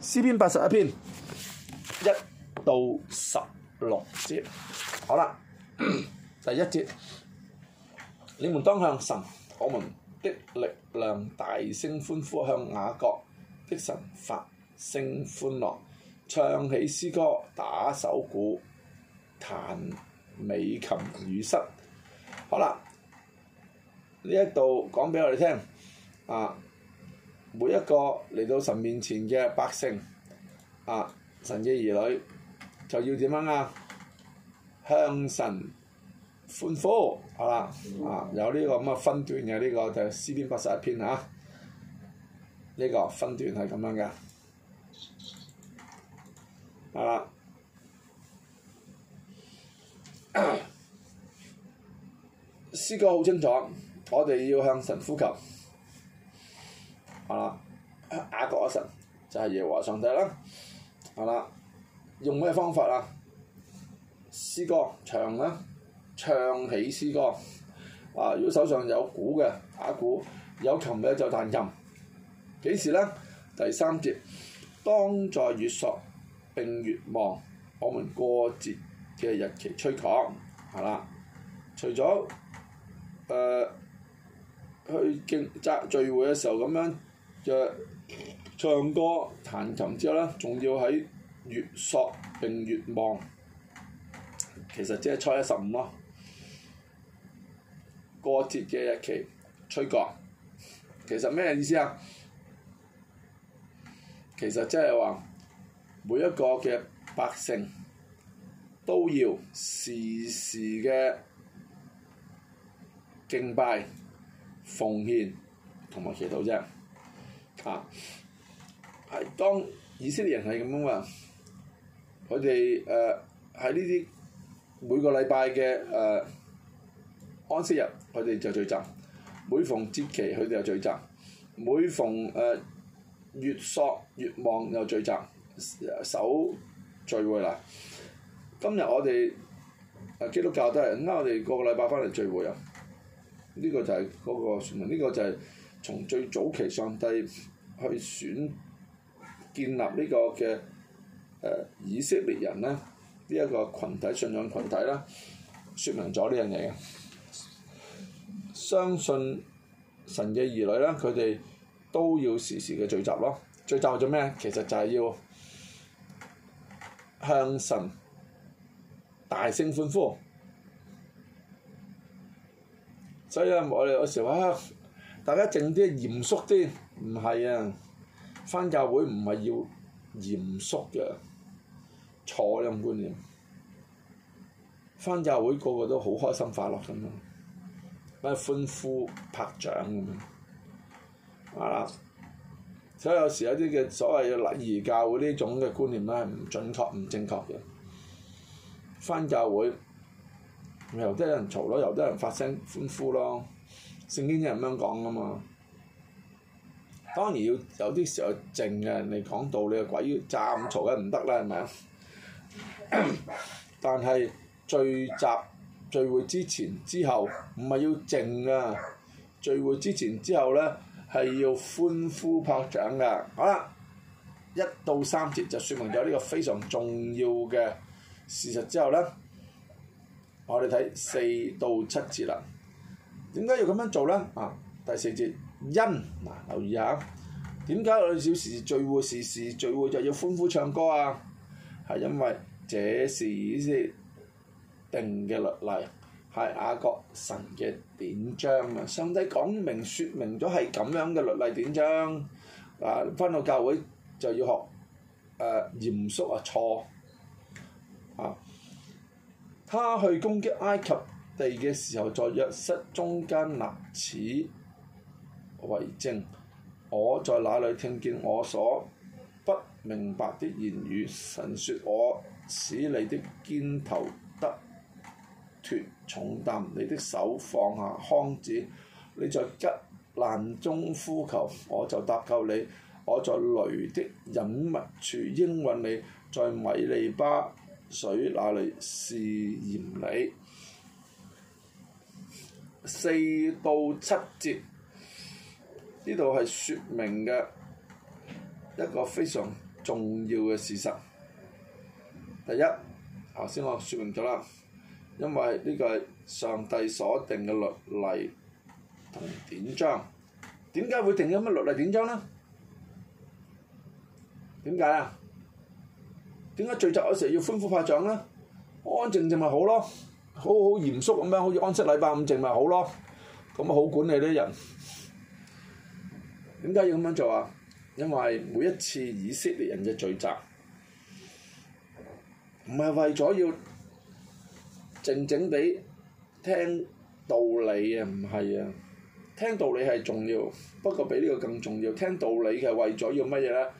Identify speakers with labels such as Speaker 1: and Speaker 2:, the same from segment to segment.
Speaker 1: 詩篇八十一篇，一到十六節，好啦，第一節，你們當向神，我們的力量，大聲歡呼，向雅各的神發聲歡樂，唱起詩歌，打手鼓，彈美琴，與瑟，好啦，呢一度講俾我哋聽，啊。每一個嚟到神面前嘅百姓，啊，神嘅兒女就要點樣啊？向神歡呼，係啦，啊，有呢個咁嘅分段嘅呢、這個就係詩篇八十一篇啊，呢、這個分段係咁樣嘅，係啦、啊。 詩歌好清楚，我哋要向神呼求。係啦，雅各、嗯、亞神就係、是、耶和華上帝啦，係、嗯、啦，用咩方法啊？詩歌唱啦，唱起詩歌。啊、嗯，如果手上有鼓嘅打鼓，有琴嘅就彈琴。幾時咧？第三節，當在月朔並月望，我們過節嘅日期吹角，係、嗯、啦、嗯。除咗誒、呃、去慶節聚會嘅時候咁樣。唱歌彈琴之後咧，仲要喺月朔並月望，其實即係初一十五咯。過節嘅日期，吹角，其實咩意思啊？其實即係話每一個嘅百姓都要時時嘅敬拜、奉獻同埋祈禱啫。啊！係當以色列人係咁樣啊嘛，佢哋誒喺呢啲每個禮拜嘅誒、呃、安息日，佢哋就聚集；每逢節期，佢哋又聚集；每逢誒月朔月望又聚集，守聚會啦。今日我哋誒基督教都係啱，我哋個個禮拜翻嚟聚會啊！呢、這個就係嗰、那個，呢、這個就係、是。從最早期上帝去選建立呢個嘅誒、呃、以色列人咧，呢、這、一個群體信仰群體啦，説明咗呢樣嘢嘅。相信神嘅兒女啦，佢哋都要時時嘅聚集咯，聚集為咗咩？其實就係要向神大聲歡呼。所以咧，我哋有時話，啊大家靜啲，嚴肅啲，唔係啊！返教會唔係要嚴肅嘅，錯咁觀念。返教會個個都好開心快樂咁樣，咩歡呼拍掌咁樣啊！所以有時有啲嘅所謂嘅禮儀教會呢種嘅觀念咧，係唔準確、唔正確嘅。返教會又都有人嘈咯，又都有人發聲歡呼咯。聖經人咁樣講噶嘛，當然要有啲時候靜嘅，人哋講道理啊鬼要炸咁嘈梗唔得啦，係咪啊？但係聚集聚會之前之後唔係要靜啊，聚會之前之後咧係要,要歡呼拍掌噶。好啦，一到三節就説明咗呢個非常重要嘅事實之後咧，我哋睇四到七節啦。點解要咁樣做咧？啊，第四節因，嗱，留意下，點解兩小時聚會時時聚會就要歡呼唱歌啊？係因為這是定嘅律例，係雅各神嘅典章啊！上帝講明説明咗係咁樣嘅律例典章，啊，返到教會就要學誒嚴肅啊錯啊，他去攻擊埃及地嘅時候，在約瑟中間立此為證。我在那裏聽見我所不明白的言語？神說我：我使你的肩頭得脱重擔，你的手放下筐子。你在急難中呼求，我就搭救你；我在雷的隱密處應允你，在米利巴水那裏試驗你。四到七節，呢度係説明嘅一個非常重要嘅事實。第一，頭先我説明咗啦，因為呢個係上帝所定嘅律例同典章。點解會定咗乜律例典章呢？點解啊？點解聚集嘅時候要歡呼拍掌呢？安安靜靜咪好咯～好好嚴肅咁樣，好似安息禮拜咁靜咪好咯。咁好管理啲人。點解要咁樣做啊？因為每一次以色列人嘅聚集，唔係為咗要靜靜地聽道理嘅，唔係啊。聽道理係重要，不過比呢個更重要。聽道理嘅係為咗要乜嘢咧？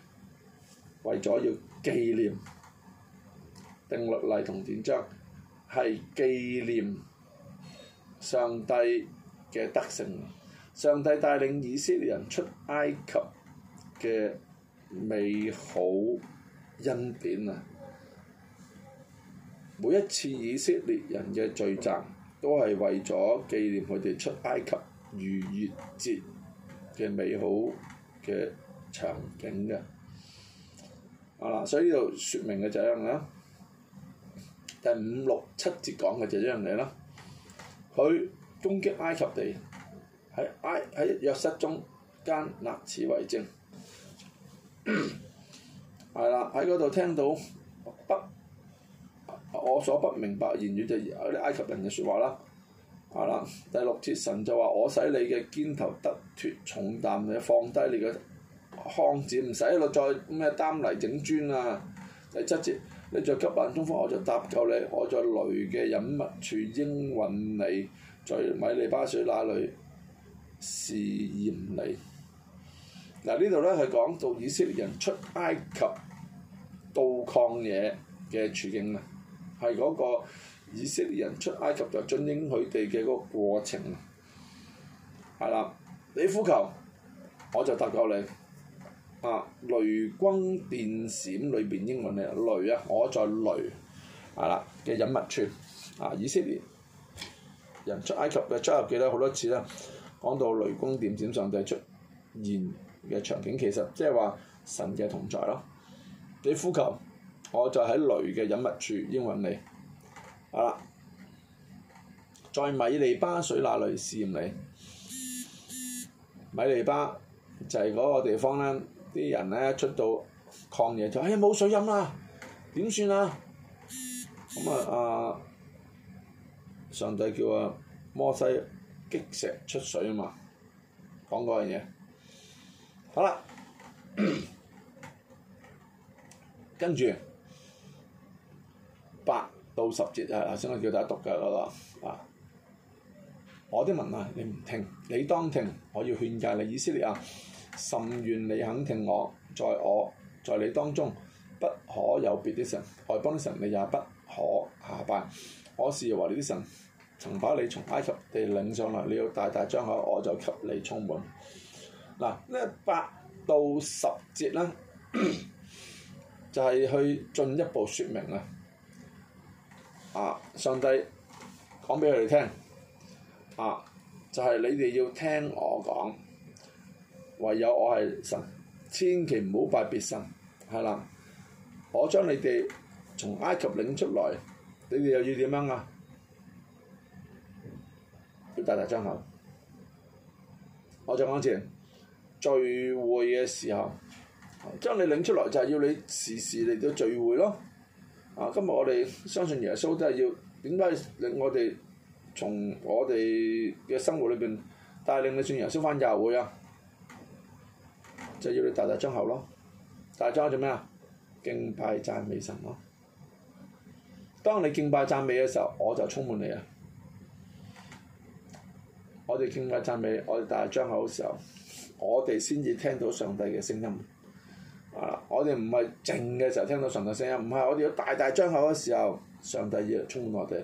Speaker 1: 為咗要紀念。定律例同典章。係紀念上帝嘅德性，上帝帶領以色列人出埃及嘅美好恩典啊！每一次以色列人嘅聚集，都係為咗紀念佢哋出埃及逾越節嘅美好嘅場景嘅。啊啦，所以呢度説明嘅就係咁啦。第五六七節講嘅就一樣嘢啦，佢攻擊埃及地，喺埃喺約瑟中間立此為證，係啦，喺嗰度聽到不，我所不明白言語就有啲埃及人嘅説話啦，係啦，第六節神就話我使你嘅肩頭得脱重擔，你放低你嘅筐子，唔使一路再咩擔泥整磚啊，第七節。你在急難中方，我就搭救你；我在雷嘅隱密處應允你，在米利巴水那裏試驗你。嗱、啊、呢度咧係講到以色列人出埃及到曠野嘅處境啊，係嗰個以色列人出埃及就尊英佢哋嘅個過程啊，係啦，你呼求，我就搭救你。啊！雷光電閃裏邊英文嚟，雷啊，我在雷係啦嘅隱密處啊！以色列人出埃及嘅出埃及記得好多次啦，講到雷光電閃上就出現嘅場景，其實即係話神嘅同在咯。你呼求，我就喺雷嘅隱密處應允你，係啦。在米利巴水那裏試驗你，米利巴就係嗰個地方咧。啲人咧出到曠野就，哎、就，哎冇水飲啦，點算啊？咁啊啊上帝叫啊摩西擊石出水啊嘛，講嗰樣嘢。好啦，跟住 八到十節啊。頭先我叫大家讀嘅嗰個啊，我啲民啊，你唔聽，你當聽，我要勸戒你以色列啊！甚願你肯聽我，在我，在你當中不可有別啲神，外邦神你也不可下拜。我是耶和華你的神，曾把你從埃及地領上來，你要大大張口，我就給你充滿。嗱，呢八到十節啦，就係、是、去進一步説明啊！啊，上帝講俾佢哋聽，啊，就係、是、你哋要聽我講。唯有我係神，千祈唔好拜別神，係啦。我將你哋從埃及領出來，你哋又要點樣啊？要大大張口。我再講一次，聚會嘅時候，將你領出來就係要你時時嚟到聚會咯。啊，今日我哋相信耶穌都係要點解令我哋從我哋嘅生活裏邊帶領你信耶穌翻教會啊？就要你大大張口咯，大大張口做咩啊？敬拜讚美神咯。當你敬拜讚美嘅時候，我就充滿你啊！我哋敬拜讚美，我哋大大張口嘅時候，我哋先至聽到上帝嘅聲音。啊！我哋唔係靜嘅時候聽到上帝聲音，唔係我哋要大大張口嘅時候，上帝要充滿我哋。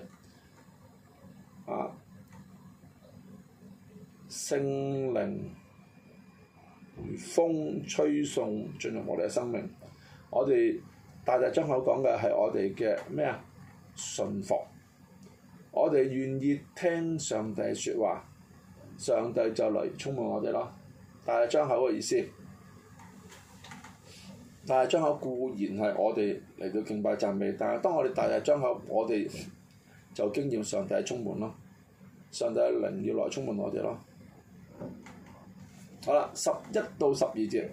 Speaker 1: 啊！聖靈。風吹送進入我哋嘅生命，我哋大大張口講嘅係我哋嘅咩啊？信服，我哋願意聽上帝嘅説話，上帝就嚟充滿我哋咯。大大張口嘅意思，大大張口固然係我哋嚟到敬拜讚美，但係當我哋大大張口，我哋就經驗上帝充滿咯，上帝嘅靈要來充滿我哋咯。好啦，十一到十二節，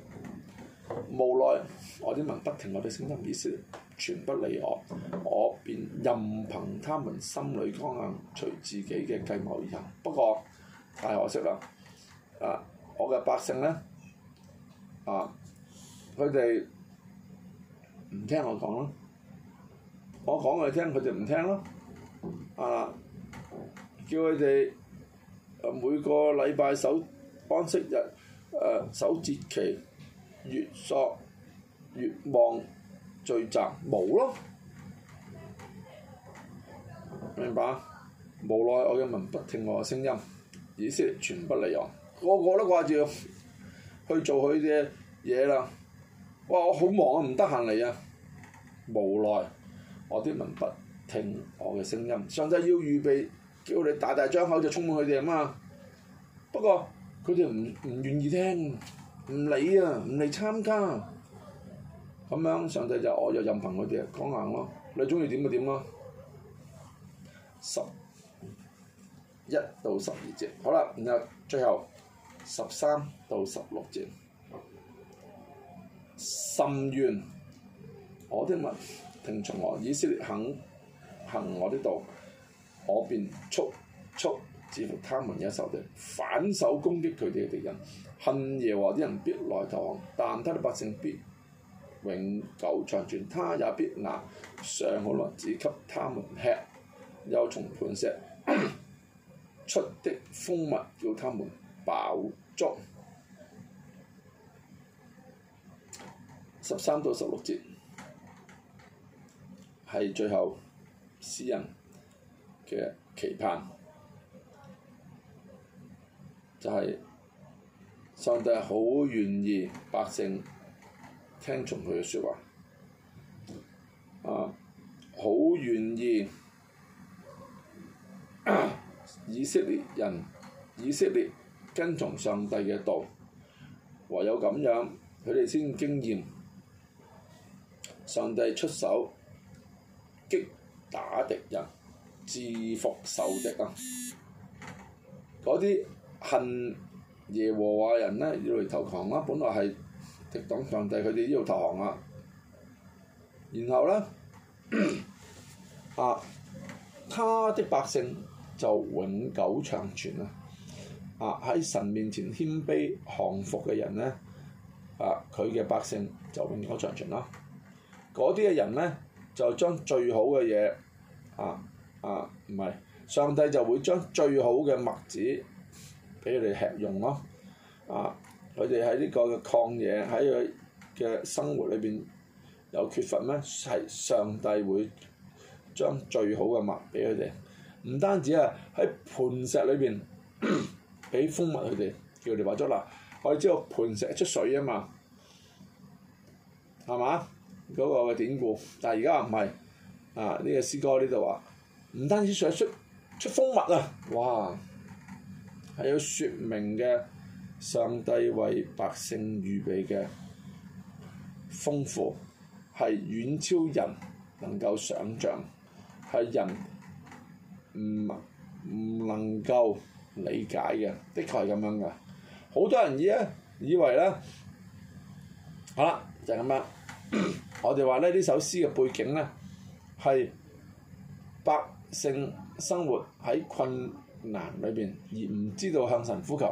Speaker 1: 無奈我啲文不停，我啲聲音意思全不理我，我便任憑他們心裏剛硬隨自己嘅計謀而行。不過太可惜啦，啊，我嘅百姓咧，啊，佢哋唔聽我講咯，我講佢聽，佢哋唔聽咯，啊，叫佢哋每個禮拜守安息日。誒，首、uh, 節期，月朔、月望聚集，冇咯，明白啊？無奈我嘅民不聽我嘅聲音，以色列全不理我，個、哦、個都掛住去做佢嘅嘢啦。哇、哦！我好忙啊，唔得閒嚟啊。無奈我啲民不聽我嘅聲音，上帝要預備叫你大大張口就充滿佢哋啊嘛。不過～佢哋唔唔願意聽，唔理啊，唔嚟參加、啊，咁樣上帝就我就任憑佢哋講硬咯，你中意點咪點咯。十、一到十二節，好啦，然後最後十三到十六節，甚願！我聽聞聽從我，以色列肯行我啲道，我便速速。只服他們有手段反手攻擊佢哋嘅敵人，恨耶和華啲人必來投降，但他的百姓必永久長存，他也必拿上好糧子給他們吃，又從磐石 出的蜂蜜叫他們飽足。十三到十六節係最後詩人嘅期盼。就係上帝好願意百姓聽從佢嘅説話，啊，好願意以色列人、以色列跟從上帝嘅道，唯有咁樣佢哋先經驗上帝出手擊打敵人、制伏仇敵啊，嗰啲。恨耶和華人咧，要嚟投降啦！本來係敵擋上帝，佢哋要投降啊！然後咧， 啊，他的百姓就永久長存啊！啊，喺神面前謙卑降服嘅人咧，啊，佢嘅百姓就永久長存咯。嗰啲嘅人咧，就將最好嘅嘢，啊啊，唔係上帝就會將最好嘅麥子。俾佢哋吃用咯、啊，啊！佢哋喺呢個嘅曠野喺佢嘅生活裏邊有缺乏咩？係上帝會將最好嘅物俾佢哋，唔單止啊喺盤石裏邊俾蜂蜜佢哋，叫佢哋話咗嚟，我哋知道盤石出水啊嘛，係嘛？嗰、那個嘅典故，但係而家唔係啊！呢、這個詩歌呢度話，唔單止水出出蜂蜜啊，哇！係有說明嘅，上帝為百姓預備嘅豐富係遠超人能夠想像，係人唔唔能夠理解嘅，的確係咁樣㗎。好多人以咧以為咧，好啦，就係咁啦。我哋話咧，呢首詩嘅背景咧係百姓生活喺困難裏邊而唔知道向神呼求，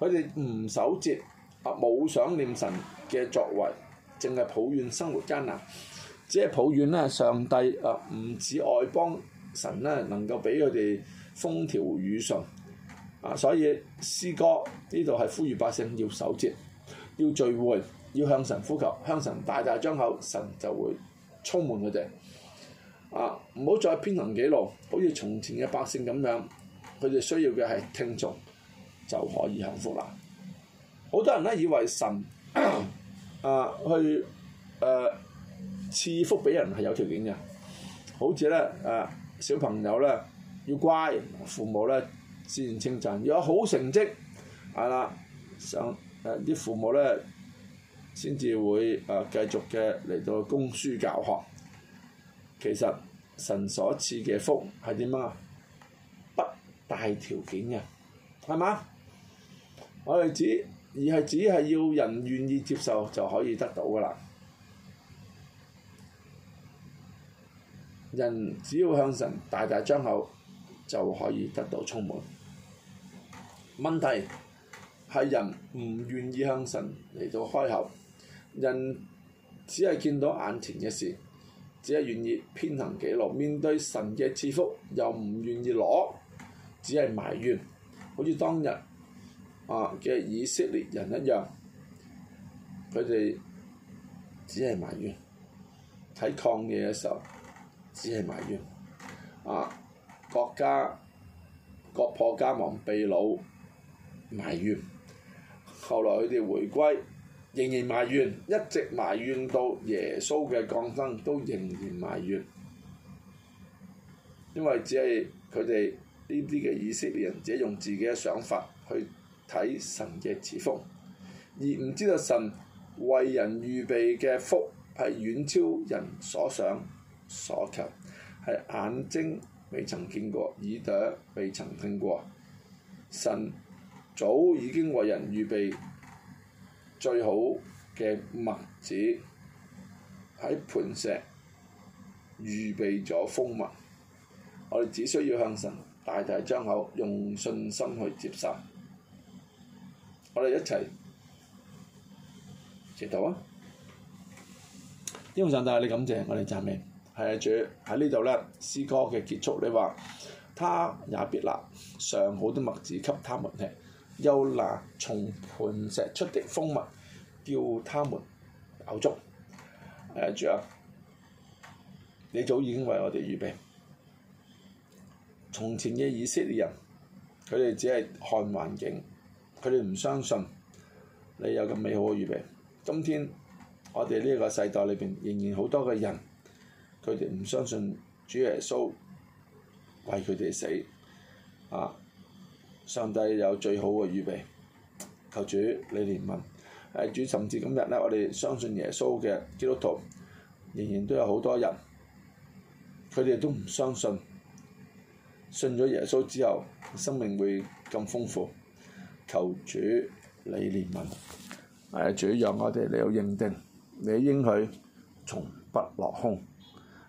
Speaker 1: 佢哋唔守節啊，冇想念神嘅作為，淨係抱怨生活艱難，只係抱怨咧上帝啊唔慈愛，幫神咧能夠俾佢哋風調雨順啊，所以詩歌呢度係呼籲百姓要守節，要聚會，要向神呼求，向神大大張口，神就會充滿佢哋啊！唔好再偏行己路，好似從前嘅百姓咁樣。佢哋需要嘅係聽眾就可以幸福啦。好多人咧以為神 啊去誒賜、呃、福俾人係有條件嘅，好似咧誒小朋友咧要乖，父母咧先稱讚，要有好成績係啦，想誒啲、呃、父母咧先至會誒繼、呃、續嘅嚟到供書教學。其實神所賜嘅福係點啊？大條件嘅，係嘛？我哋只而係只係要人願意接受就可以得到㗎啦。人只要向神大大張口就可以得到充滿。問題係人唔願意向神嚟到開口，人只係見到眼前嘅事，只係願意偏行己路，面對神嘅賜福又唔願意攞。只係埋怨，好似當日啊嘅以色列人一樣，佢哋只係埋怨，喺曠野嘅時候只係埋怨，啊國家國破家亡被擄埋怨，後來佢哋回歸仍然埋怨，一直埋怨到耶穌嘅降生都仍然埋怨，因為只係佢哋。呢啲嘅以色列人者用自己嘅想法去睇神嘅賜福，而唔知道神為人預備嘅福係遠超人所想所求，係眼睛未曾見過，耳朵未曾聽過，神早已經為人預備最好嘅麥子，喺磐石預備咗蜂蜜，我哋只需要向神。大大張口，用信心去接受。我哋一齊接到啊！天父上帝，你感謝我哋讚美，係啊主喺呢度咧，詩歌嘅結束，你話他也必拿上好的麥子給他們吃，又拿從磐石出的蜂蜜叫他們飽足。係啊主啊，你早已經為我哋預備。從前嘅以色列人，佢哋只係看環境，佢哋唔相信你有咁美好嘅預備。今天我哋呢個世代裏邊，仍然好多嘅人，佢哋唔相信主耶穌為佢哋死。啊！上帝有最好嘅預備，求主你憐憫。誒、啊、主，甚至今日咧，我哋相信耶穌嘅基督徒，仍然都有好多人，佢哋都唔相信。信咗耶穌之後，生命會咁豐富。求主你憐憫，誒主讓我哋你要認定，你應許從不落空。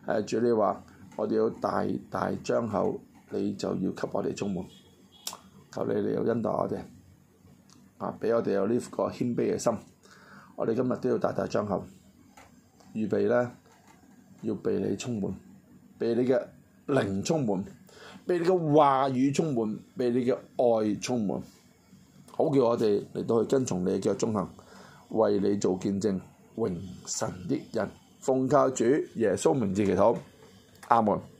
Speaker 1: 誒主你話我哋要大大張口，你就要給我哋充滿。求你你要恩待我哋，啊俾我哋有呢個謙卑嘅心。我哋今日都要大大張口，預備咧要被你充滿，被你嘅靈充滿。被你嘅話語充滿，被你嘅愛充滿，好叫我哋嚟到去跟從你嘅腳步，為你做見證，榮神的人，奉靠主耶穌名字祈禱，阿門。